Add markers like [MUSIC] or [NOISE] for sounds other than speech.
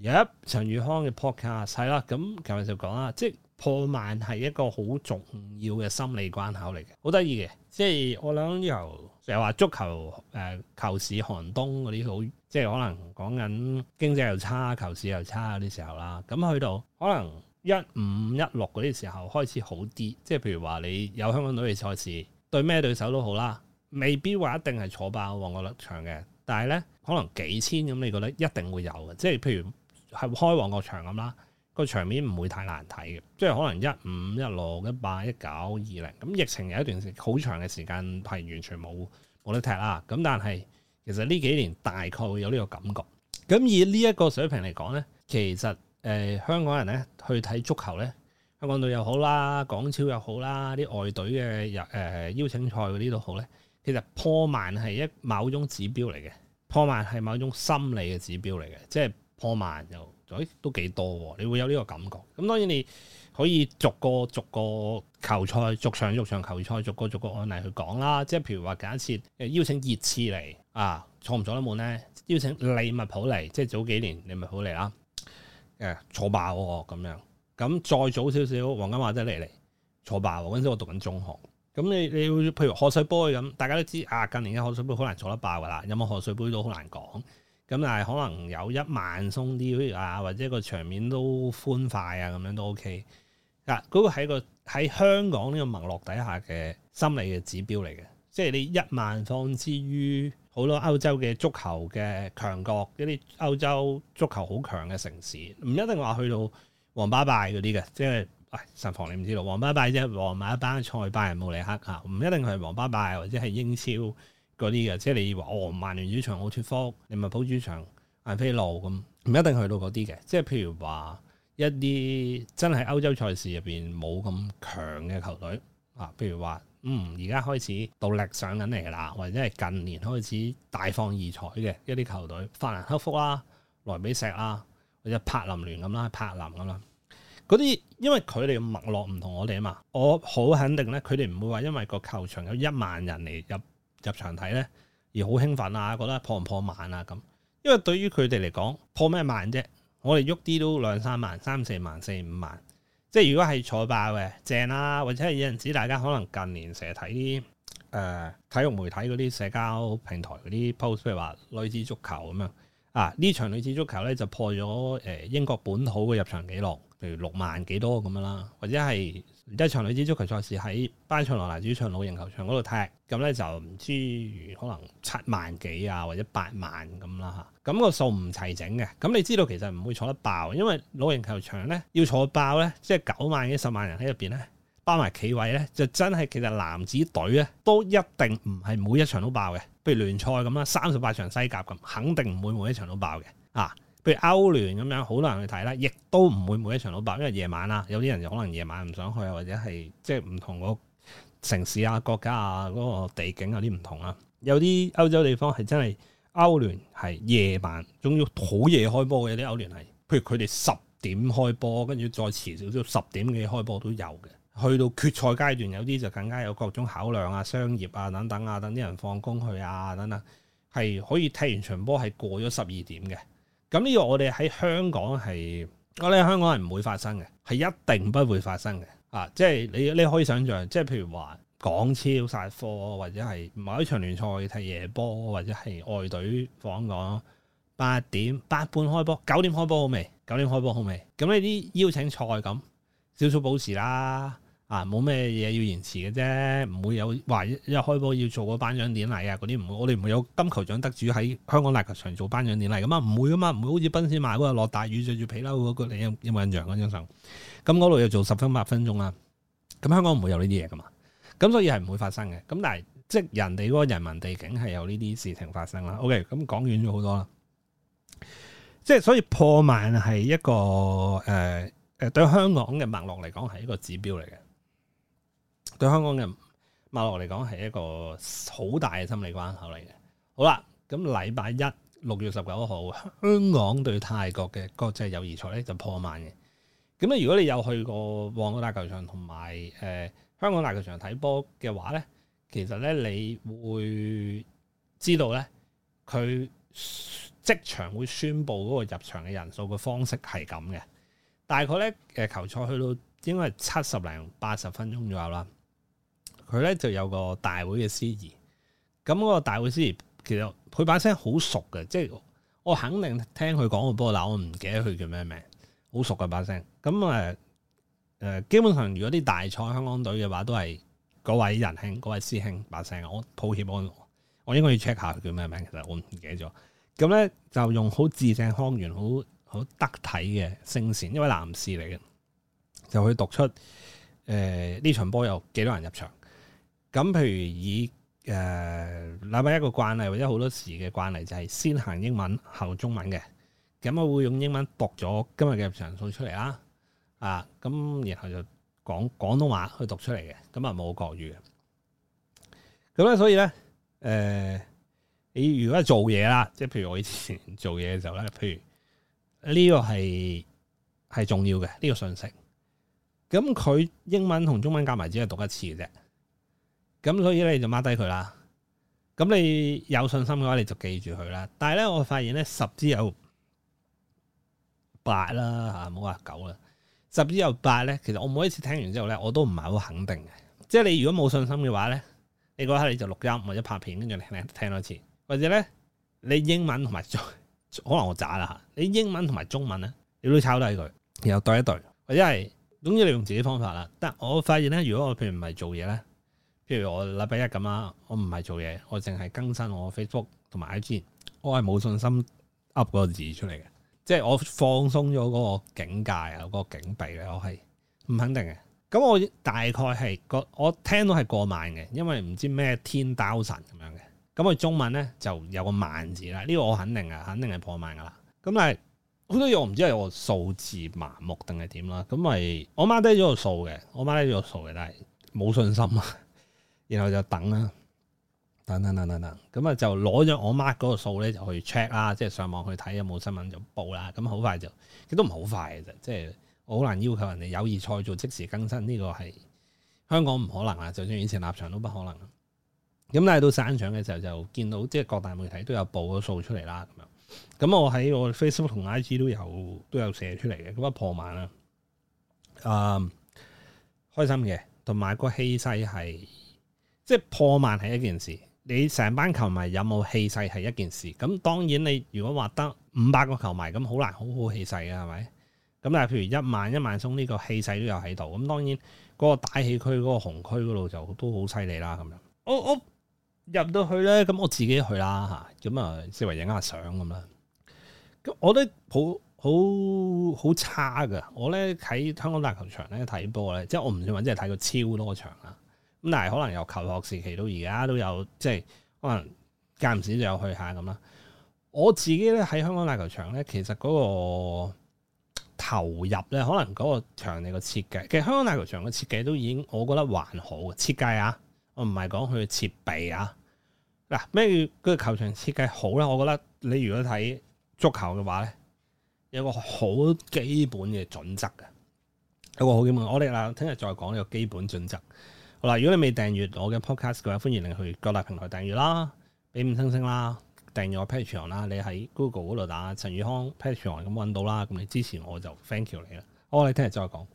有一陳宇康嘅 podcast 係啦，咁琴日就講啦，即係破萬係一個好重要嘅心理關口嚟嘅，好得意嘅。即係我諗由成日話足球誒、呃、球市寒冬嗰啲好，即係可能講緊經濟又差，球市又差啲時候啦。咁去到可能一五一六嗰啲時候開始好啲，即係譬如話你有香港隊嘅賽事，對咩對手都好啦，未必話一定係坐爆旺角立場嘅。但係咧，可能幾千咁，你覺得一定會有嘅，即係譬如。係開旺角場咁啦，個場面唔會太難睇嘅，即係可能一五一六一八一九二零咁。疫情有一段時好長嘅時間係完全冇冇得踢啦。咁但係其實呢幾年大概會有呢個感覺。咁以呢一個水平嚟講咧，其實誒、呃、香港人咧去睇足球咧，香港隊又好啦，港超又好啦，啲外隊嘅誒、呃、邀請賽嗰啲都好咧。其實破萬係一某種指標嚟嘅，破萬係某種心理嘅指標嚟嘅，即係。破萬又，誒，都幾多喎？你會有呢個感覺。咁當然你可以逐個逐個球賽，逐場逐場球賽，逐個逐個案例去講啦。即係譬如話假設邀請熱刺嚟，啊，坐唔坐得滿咧？邀請利物浦嚟，即係早幾年利物浦嚟啦，誒、啊，坐爆喎咁樣。咁再早少少，黃金馬都嚟嚟，坐爆。嗰陣時我讀緊中學，咁你你會譬如賀歲杯咁，大家都知啊，近年嘅賀歲杯好難坐得爆噶啦，有冇賀歲杯都好難講。咁但係可能有一萬鬆啲，好似啊或者個場面都歡快啊，咁樣都 OK。嗱、那個，嗰個喺個喺香港呢個脈絡底下嘅心理嘅指標嚟嘅，即係你一萬，方之於好多歐洲嘅足球嘅強國，一啲歐洲足球好強嘅城市，唔一定話去到皇巴拜嗰啲嘅，即係，唉、哎、神防你唔知道，皇巴拜即係，皇馬一班賽拜仁慕尼黑嚇，唔一定係皇巴拜或者係英超。嗰啲嘅，即係你話哦，曼聯主場奧脱福、利物浦主場艾菲路，咁，唔一定去到嗰啲嘅。即係譬如話一啲真係歐洲賽事入邊冇咁強嘅球隊啊，譬如話嗯，而家開始到力上緊嚟噶啦，或者係近年開始大放異彩嘅一啲球隊，法蘭克福啦、萊比錫啦，或者柏林聯咁啦、柏林咁啦，嗰啲因為佢哋嘅脈絡唔同我哋啊嘛，我好肯定咧，佢哋唔會話因為個球場有一萬人嚟入入場睇咧，而好興奮啊！覺得破唔破萬啊咁？因為對於佢哋嚟講，破咩萬啫？我哋喐啲都兩三萬、三四萬、四萬、四五萬。即係如果係坐爆嘅正啊，或者係有陣時大家可能近年成日睇誒體育媒體嗰啲社交平台嗰啲 post，譬如話女子足球咁樣啊，呢場女子足球咧就破咗誒、呃、英國本土嘅入場記錄，譬如六萬幾多咁樣啦，或者係。即係女子足球賽事喺巴塞羅拿主場老型球場嗰度踢，咁咧就唔知可能七萬幾啊，或者八萬咁啦嚇。咁、那個數唔齊整嘅，咁你知道其實唔會坐得爆，因為老型球場咧要坐爆咧，即係九萬幾十萬人喺入邊咧，包埋企位咧，就真係其實男子隊咧都一定唔係每一場都爆嘅。譬如聯賽咁啦，三十八場西甲咁，肯定唔會每一場都爆嘅啊。譬如歐聯咁樣，好多人去睇啦，亦都唔會每一場都爆，因為夜晚啦，有啲人可能夜晚唔想去啊，或者係即係唔同個城市啊、國家啊嗰個地景有啲唔同啊。有啲歐洲地方係真係歐聯係夜晚，總要好夜開波嘅，有啲歐聯係，譬如佢哋十點開波，跟住再遲少少十點幾開波都有嘅。去到決賽階段，有啲就更加有各種考量啊、商業啊等等啊，等啲人放工去啊等等，係可以踢完場波係過咗十二點嘅。咁呢個我哋喺香港係，我哋喺香港係唔會發生嘅，係一定不會發生嘅啊！即係你你可以想象，即係譬如話港超煞科，或者係某一場聯賽踢夜波，或者係外隊訪港，八點八半開波，九點開波好未？九點開波好未？咁呢啲邀請賽咁，少少保持啦。啊，冇咩嘢要延遲嘅啫，唔會有話一開波要做個頒獎典禮啊嗰啲唔會，我哋唔會有金球獎得主喺香港大球場做頒獎典禮咁、啊、嘛，唔會噶、啊、嘛，唔會好似賓士馬嗰個落大雨着住皮褸嗰個，你有冇印象嗰張相？咁嗰度又做十分八分鐘啦，咁香港唔會有呢啲嘢噶嘛，咁所以係唔會發生嘅。咁但係即係人哋嗰個人民地景係有呢啲事情發生啦。OK，咁講遠咗好多啦，即係所以破萬係一個誒誒、呃、對香港嘅脈絡嚟講係一個指標嚟嘅。對香港嘅馬來嚟講，係一個好大嘅心理關口嚟嘅。好啦，咁禮拜一六月十九號，香港對泰國嘅國際友誼賽咧就破萬嘅。咁咧，如果你有去過旺角大球場同埋誒香港大球場睇波嘅話咧，其實咧你會知道咧，佢即場會宣布嗰個入場嘅人數嘅方式係咁嘅。大概咧，誒球賽去到應該係七十零八十分鐘左右啦。佢咧就有個大會嘅司儀，咁、那、嗰個大會司儀其實佢把聲好熟嘅，即係我肯定聽佢講個波，但我唔記得佢叫咩名，好熟嘅把聲。咁誒誒，基本上如果啲大賽香港隊嘅話，都係嗰位仁兄、嗰位師兄把聲。我抱歉我，我我應該要 check 下佢叫咩名，其實我唔記得咗。咁咧就用好字正腔圓、好好得體嘅聲線，因為男士嚟嘅，就去讀出誒呢、呃、場波有幾多人入場。咁譬如以誒禮拜一個慣例，或者好多時嘅慣例，就係、是、先行英文後中文嘅。咁我會用英文讀咗今日嘅場數出嚟啦，啊，咁、嗯、然後就講廣東話去讀出嚟嘅。今日冇國語嘅。咁、嗯、咧，所以咧，誒、呃，你如果係做嘢啦，即係譬如我以前做嘢嘅時候咧，譬如呢、這個係係重要嘅呢、這個信息。咁佢英文同中文夾埋，只係讀一次嘅啫。咁所以咧，你就掹低佢啦。咁你有信心嘅話，你就記住佢啦。但係咧，我發現咧，十之有八啦吓，唔好話九啦。十之有八咧，其實我每一次聽完之後咧，我都唔係好肯定嘅。即係你如果冇信心嘅話咧，你過下你就錄音或者拍片，跟住聽聽多次，或者咧，你英文同埋中，可能我渣啦吓。你英文同埋中文咧，你都抄低佢，然後對一對，或者係總之你用自己方法啦。但我發現咧，如果我譬如唔係做嘢咧。譬如我禮拜一咁啦，我唔係做嘢，我淨係更新我 Facebook 同埋 IG，我係冇信心噏個字出嚟嘅，即係我放鬆咗嗰個警戒啊，嗰、嗰個警備咧，我係唔肯定嘅。咁我大概係過，我聽到係過萬嘅，因為唔知咩天刀神咁樣嘅。咁我中文咧就有個萬字啦，呢、呢個我肯定啊，肯定係破萬噶啦。咁但係好多嘢我唔知係我數字麻木定係點啦。咁咪、就是、我掹低咗個數嘅，我掹低咗個數嘅，但係冇信心啊。 [LAUGHS] 然後就等啦，等等等等等，咁啊就攞咗我 Mark 嗰個數咧，就去 check 啦，即係上網去睇有冇新聞就報啦。咁好快就，佢都唔好快嘅啫。即係我好難要求人哋友誼賽做即時更新，呢、這個係香港唔可能啊！就算以前立場都不可能。咁但係到散場嘅時候就見到，即係各大媒體都有報個數出嚟啦。咁樣，咁我喺我 Facebook 同 IG 都有都有寫出嚟嘅，咁啊破萬啦。啊、嗯，開心嘅，同埋個氣勢係。即係破萬係一件事，你成班球迷有冇氣勢係一件事。咁當然你如果話得五百個球迷，咁好難好好氣勢嘅係咪？咁但係譬如一萬一萬宗呢個氣勢都有喺度。咁當然嗰個打氣區嗰個紅區嗰度就都好犀利啦。咁樣，我我入到去咧，咁我自己去啦吓。咁啊，周圍影下相咁啦。咁我都好好好差噶。我咧喺香港大球場咧睇波咧，即係我唔算話即係睇過超多場啦。咁嗱，但可能由求學時期到而家都有，即係可能間唔時就有去下咁啦。我自己咧喺香港大球場咧，其實嗰個投入咧，可能嗰個場地個設計，其實香港大球場嘅設計都已經，我覺得還好嘅設計啊。我唔係講佢嘅設備啊。嗱，咩叫個球場設計好咧？我覺得你如果睇足球嘅話咧，有個好基本嘅準則嘅，有個好基本。我哋嗱聽日再講呢個基本準則。好啦，如果你未訂閱我嘅 podcast 嘅話，歡迎你去各大平台訂閱啦，俾五星星啦，訂閱我 Patreon 啦，你喺 Google 嗰度打陳宇康 Patreon 咁揾到啦，咁你支持我就 thank you 你啦。好，我哋聽日再講。